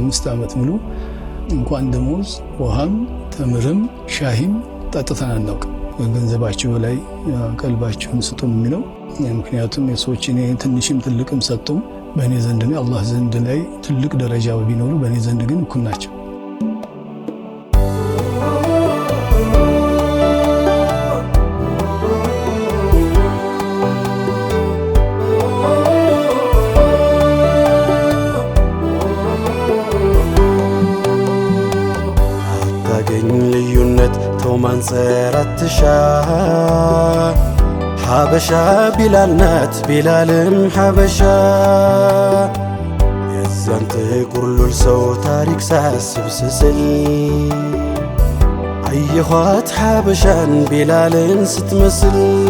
አምስት ዓመት ሙሉ እንኳን ደሞዝ ውሃም ተምርም ሻሂም ጠጥተን አናውቅም። ገንዘባችሁ ላይ ቀልባችሁን ስጡ የሚለው ምክንያቱም የሰዎች እኔ ትንሽም ትልቅም ሰጡም በእኔ ዘንድ አላህ ዘንድ ላይ ትልቅ ደረጃ ቢኖሩ በእኔ ዘንድ ግን እኩል ናቸው። زيرت شاه حبشة بلال نات بلال حبشة يزنت كل لسو تاريك ساس بسسل أي خوات حبشة بلال ستمسل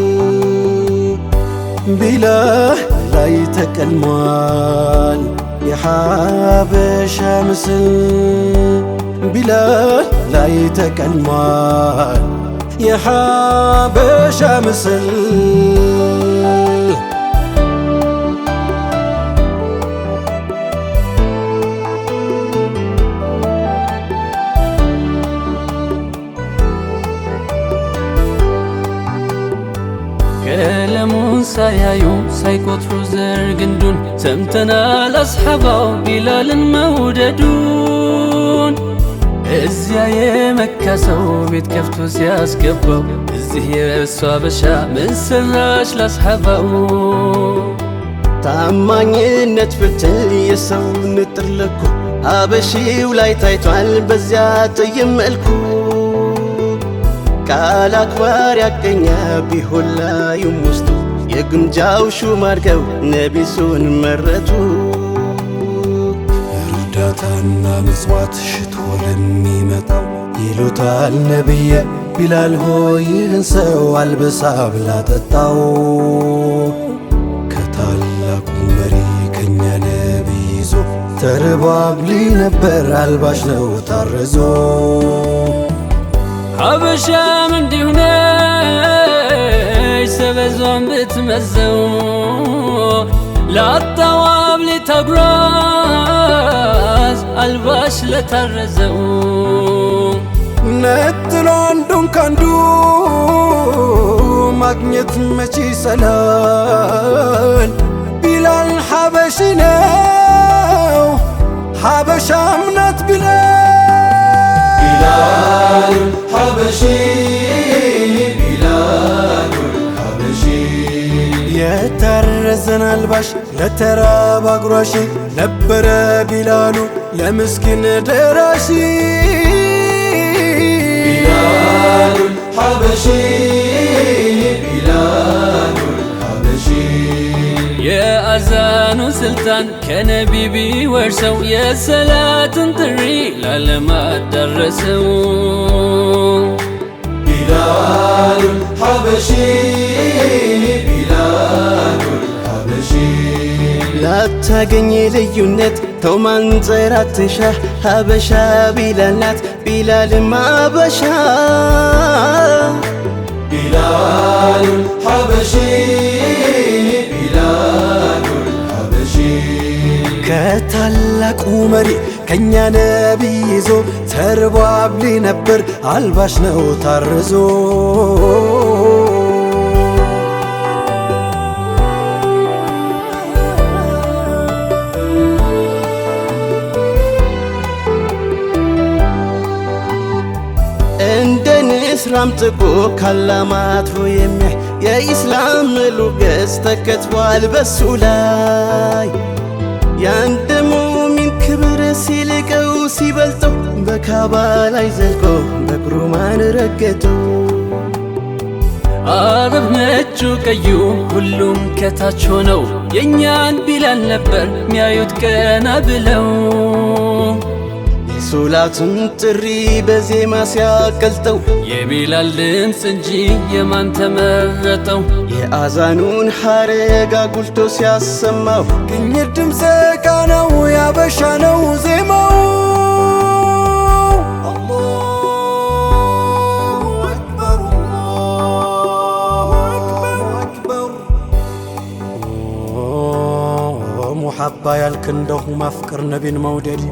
بلا لا يتكلمان يا حبشة مسل بلا ላይ ተቀልሟል የሐበሻ ምስል ቀለሙን ሳያዩ ሳይቆጥሩ ዘር ግንዱን ሰምተናል አስሐባው ቢላልን መውደዱን እዚያ የመካ ሰው ቤት ከፍቶ ሲያስገባው እዚህ የእሷ አበሻ ምን ሰራሽ ላስሐባው ታማኝነት ፍትል የሰው ንጥር ልኩ አበሺው ላይ ታይቷል በዚያ ጥይም መልኩ ቃል አክባር ያቀኛ ቢሆን ላዩም ውስጡ የግምጃው ሹም አድርገው ነቢሱን መረጡ። እርዳታና ምጽዋት ሽቶ ለሚመጣው ይሉታል ነቢየ ቢላል ሆይ ይህን ሰው አልብሳ ብላ ጠጣው። ከታላቁ መሪ ከኛ ነቢይ ይዞ ተረባብሊ ነበር አልባሽ ነው ታረዞ አበሻም እንዲሁ ነች ሰበዟን ብትመዘው ላጣዋብሊ ተጉራ አልባሽ ለታረዘው ነጥሎ አንዱን ካንዱ ማግኘት መቼ ይሰላል ቢላል ሐበሺ ነው ሐበሻ እምነት ቢላል ቢላል ሐበሺ የተረዘን አልባሽ ለተራብ አጉራሽ ነበረ ቢላሉ يا مسكين دراسي بلال الحبشي بلال الحبشي يا أزان سلطان كان بيبي ورسو يا صلاة طري للما درسو بلال الحبشي ላታገኝ ልዩነት ተው ማንጸር ሀበሻ ቢላል ቢላልም አበሻ ቢላል ሀበሺ ሀበሺ ከታላቁ መሪ ከእኛ ነቢይ ይዞ ተርቧብሊ ነበር አልባሽ ነው ታርዞ የእስላም ጥቁር ካላማትሮ የሚያይ የኢስላም ምሉ ገጽ ተከትቧል በሱ ላይ የአንድ ሙሚን ክብር ሲልቀው ሲበልጠው በካባ ላይ ዘልቆ በጉርማን ረገጠው። አረብ ነጩ ቀዩ ሁሉም ከታች ሆነው የእኛን ቢላል ነበር ሚያዩት ቀና ብለው ሶላቱን ጥሪ በዜማ ሲያቀልጠው የቢላል ድምፅ እንጂ የማን ተመረጠው? የአዛኑን ሐረግ አጉልቶ ሲያሰማው ቅኝት ድምፅ ቃናው ያበሻ ነው ዜማው። ሙሐባ ያልክ እንደሁ ማፍቅር ነቢን መውደድ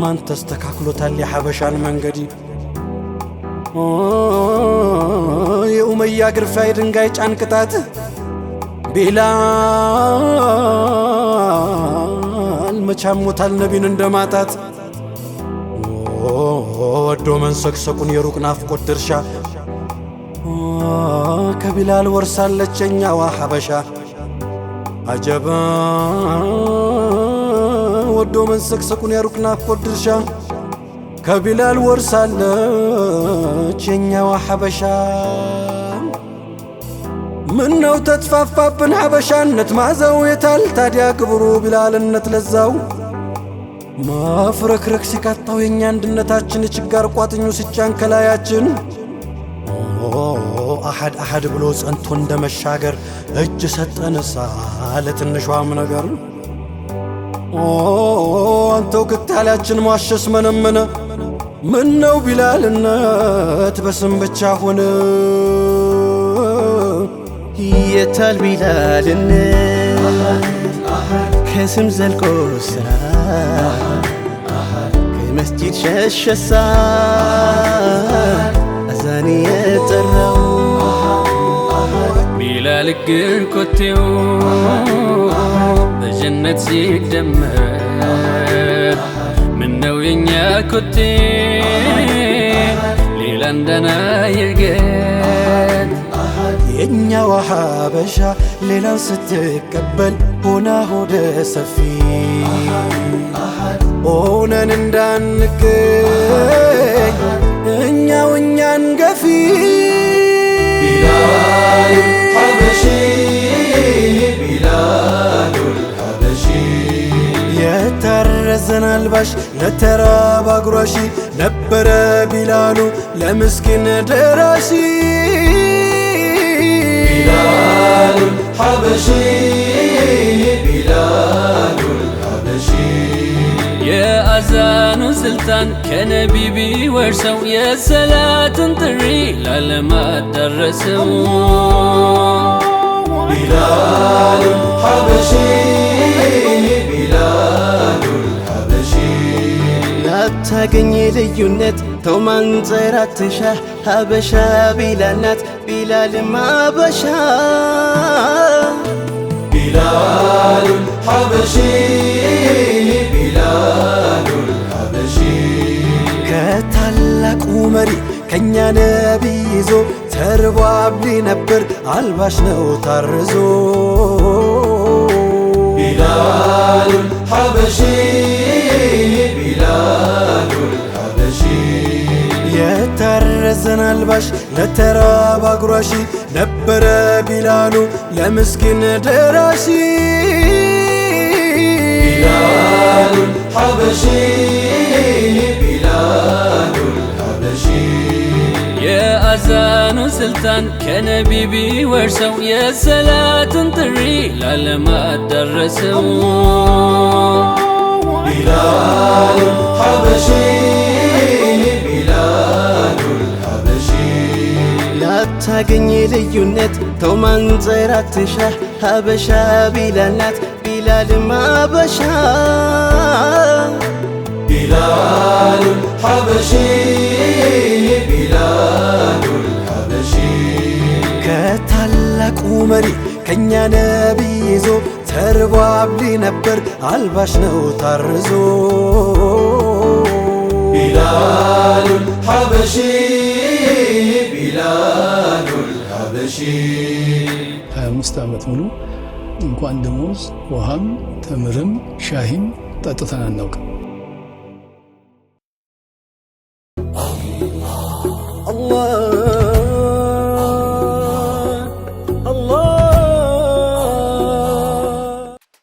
ማን ተስተካክሎታል የሐበሻን መንገድ? የኡመያ ግርፋይ የድንጋይ ጫን ቅጣት ቢላል መቻሞታል ነቢን እንደማጣት ወዶ መንሰክሰቁን የሩቅ ናፍቆት ድርሻ ከቢላል ወርሳለች እኛዋ ሐበሻ አጀባ ወዶ መንሰቅሰቁን ያሩቅ ናፍቆት ድርሻ ከቢላል ወርሳለች የኛዋ ሐበሻ። ነው ተጥፋፋብን ሐበሻነት ማዘው የታል ታዲያ ክብሩ ቢላልነት ለዛው ማፍረክረክ ሲካታው የእኛ አንድነታችን የችጋር ቋጥኙ ሲጫን ከላያችን አሐድ አሐድ ብሎ ጸንቶ እንደ መሻገር እጅ ሰጠነሳ ሳ ነገር አንተው ቅታላችን ማሸስ መነመነ ምን ነው ቢላልነት በስም ብቻ ሆነ። የታል ቢላልነ ከስም ዘልቆ ስራ ከመስጂድ ሸሸሳ አዛኔ የጠራው ቢላል ግን ኮቴው ደግነት ሲደመር ምነው የኛ ኮቴ ሌላ እንደናየገት የእኛዋ ሀበሻ ሌላን ስትቀበል ሆና ሆደ ሰፊ ሆነን እንዳንቅ نلبش نترى ባጉራሺ ነበረ ቢላሉ ለምስኪን ደራሺ ቢላሉ ሐበሺ ቢላሉ የአዛኑ ስልጣን ከነቢቢ ወርሰው የሰላትን ጥሪ ላለማት ደረሰው ቢላሉ ሐበሺ ታገኘ ልዩነት ተው ማንጸራትሻ ሀበሻ ቢላናት ቢላልም አበሻ ሀበሺ ሀበሺ ከታላቁ መሪ ከእኛ ነቢይ ይዞ ተርቧብሊ ነበር አልባሽ ነው ታርዞ ተናልባሽ ለተራብ አጉራሺ ነበረ ቢላሉ ለምስኪን ደራሺ ቢላሉ ሐበሺ ቢላሉ ሐበሺ የአዛኑ ስልጣን ከነቢቢ ወርሰው የሰላትን ጥሪ ላለማት ደረሰው ቢላሉ ሐበሺ ሳገኝ ልዩነት ተውማን ዘራትሻ ሀበሻ ቢላል ናት ቢላልም አበሻ ቢላሉ ሐበሺ ቢላሉ ሐበሺ ከታላቁ መሪ ከእኛ ነቢይ ይዞ ተርቧብሊ ነበር አልባሽ ነው ታርዞ ቢላሉ ሀበሺ ቢላሉ ነሽ። 25 ዓመት ሙሉ እንኳን ደሞዝ ውሃም ተምርም ሻሂም ጠጥተን አናውቅም።